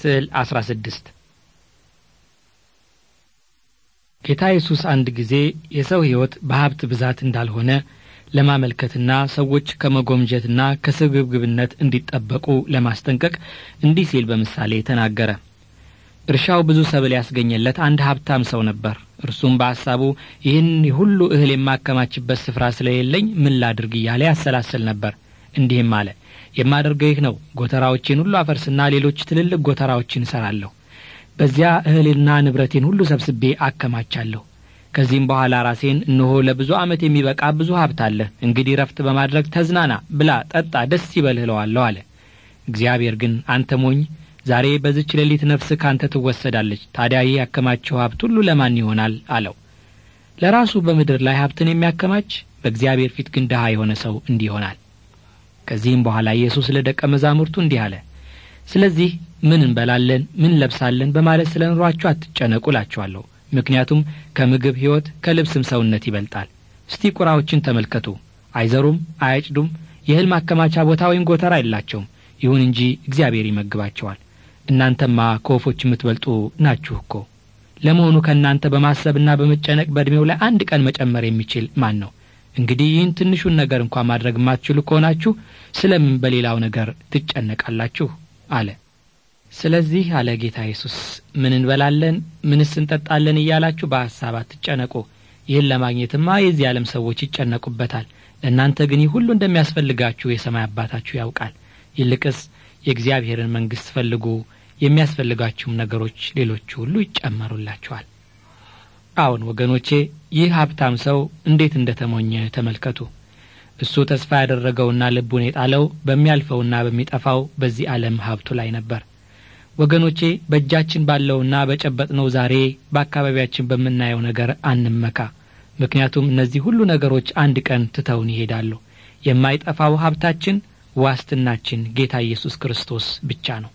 ስዕል 16 ጌታ ኢየሱስ አንድ ጊዜ የሰው ሕይወት በሀብት ብዛት እንዳልሆነ ለማመልከትና ሰዎች ከመጎምጀትና ከስግብግብነት እንዲጠበቁ ለማስጠንቀቅ እንዲህ ሲል በምሳሌ ተናገረ። እርሻው ብዙ ሰብል ያስገኘለት አንድ ሀብታም ሰው ነበር። እርሱም በሐሳቡ ይህን ሁሉ እህል የማከማችበት ስፍራ ስለሌለኝ ምን ላድርግ እያለ ያሰላስል ነበር። እንዲህም አለ የማደርገው ይህ ነው ጎተራዎቼን ሁሉ አፈርስና ሌሎች ትልልቅ ጎተራዎችን እሰራለሁ በዚያ እህልና ንብረቴን ሁሉ ሰብስቤ አከማቻለሁ ከዚህም በኋላ ራሴን እነሆ ለብዙ ዓመት የሚበቃ ብዙ ሀብት አለህ እንግዲህ ረፍት በማድረግ ተዝናና ብላ ጠጣ ደስ ይበልህ እለዋለሁ አለ እግዚአብሔር ግን አንተ ሞኝ ዛሬ በዝች ሌሊት ነፍስ ካንተ ትወሰዳለች ታዲያ ይህ ያከማቸው ሀብት ሁሉ ለማን ይሆናል አለው ለራሱ በምድር ላይ ሀብትን የሚያከማች በእግዚአብሔር ፊት ግን ድሃ የሆነ ሰው እንዲህ ይሆናል ከዚህም በኋላ ኢየሱስ ለደቀ መዛሙርቱ እንዲህ አለ ስለዚህ ምን እንበላለን ምን ለብሳለን በማለት ስለ ኑሯችሁ አትጨነቁ እላችኋለሁ ምክንያቱም ከምግብ ሕይወት ከልብስም ሰውነት ይበልጣል እስቲ ቁራዎችን ተመልከቱ አይዘሩም አያጭዱም የእህል ማከማቻ ቦታ ወይም ጎተራ የላቸውም ይሁን እንጂ እግዚአብሔር ይመግባቸዋል እናንተማ ከወፎች የምትበልጡ ናችሁ እኮ ለመሆኑ ከእናንተ በማሰብና በመጨነቅ በዕድሜው ላይ አንድ ቀን መጨመር የሚችል ማን ነው እንግዲህ ይህን ትንሹን ነገር እንኳ ማድረግ የማትችሉ ከሆናችሁ ስለምን በሌላው ነገር ትጨነቃላችሁ አለ ስለዚህ አለ ጌታ ኢየሱስ ምን እንበላለን ምንስ እንጠጣለን እያላችሁ በሐሳብ አትጨነቁ ይህን ለማግኘትማ የዚህ ዓለም ሰዎች ይጨነቁበታል ለእናንተ ግን ይህ ሁሉ እንደሚያስፈልጋችሁ የሰማይ አባታችሁ ያውቃል ይልቅስ የእግዚአብሔርን መንግሥት ፈልጉ የሚያስፈልጋችሁም ነገሮች ሌሎቹ ሁሉ ይጨመሩላችኋል አዎን ወገኖቼ፣ ይህ ሀብታም ሰው እንዴት እንደ ተሞኘ ተመልከቱ። እሱ ተስፋ ያደረገውና ልቡን የጣለው በሚያልፈውና በሚጠፋው በዚህ ዓለም ሀብቱ ላይ ነበር። ወገኖቼ በእጃችን ባለውና በጨበጥነው ዛሬ በአካባቢያችን በምናየው ነገር አንመካ። ምክንያቱም እነዚህ ሁሉ ነገሮች አንድ ቀን ትተውን ይሄዳሉ። የማይጠፋው ሀብታችን ዋስትናችን ጌታ ኢየሱስ ክርስቶስ ብቻ ነው።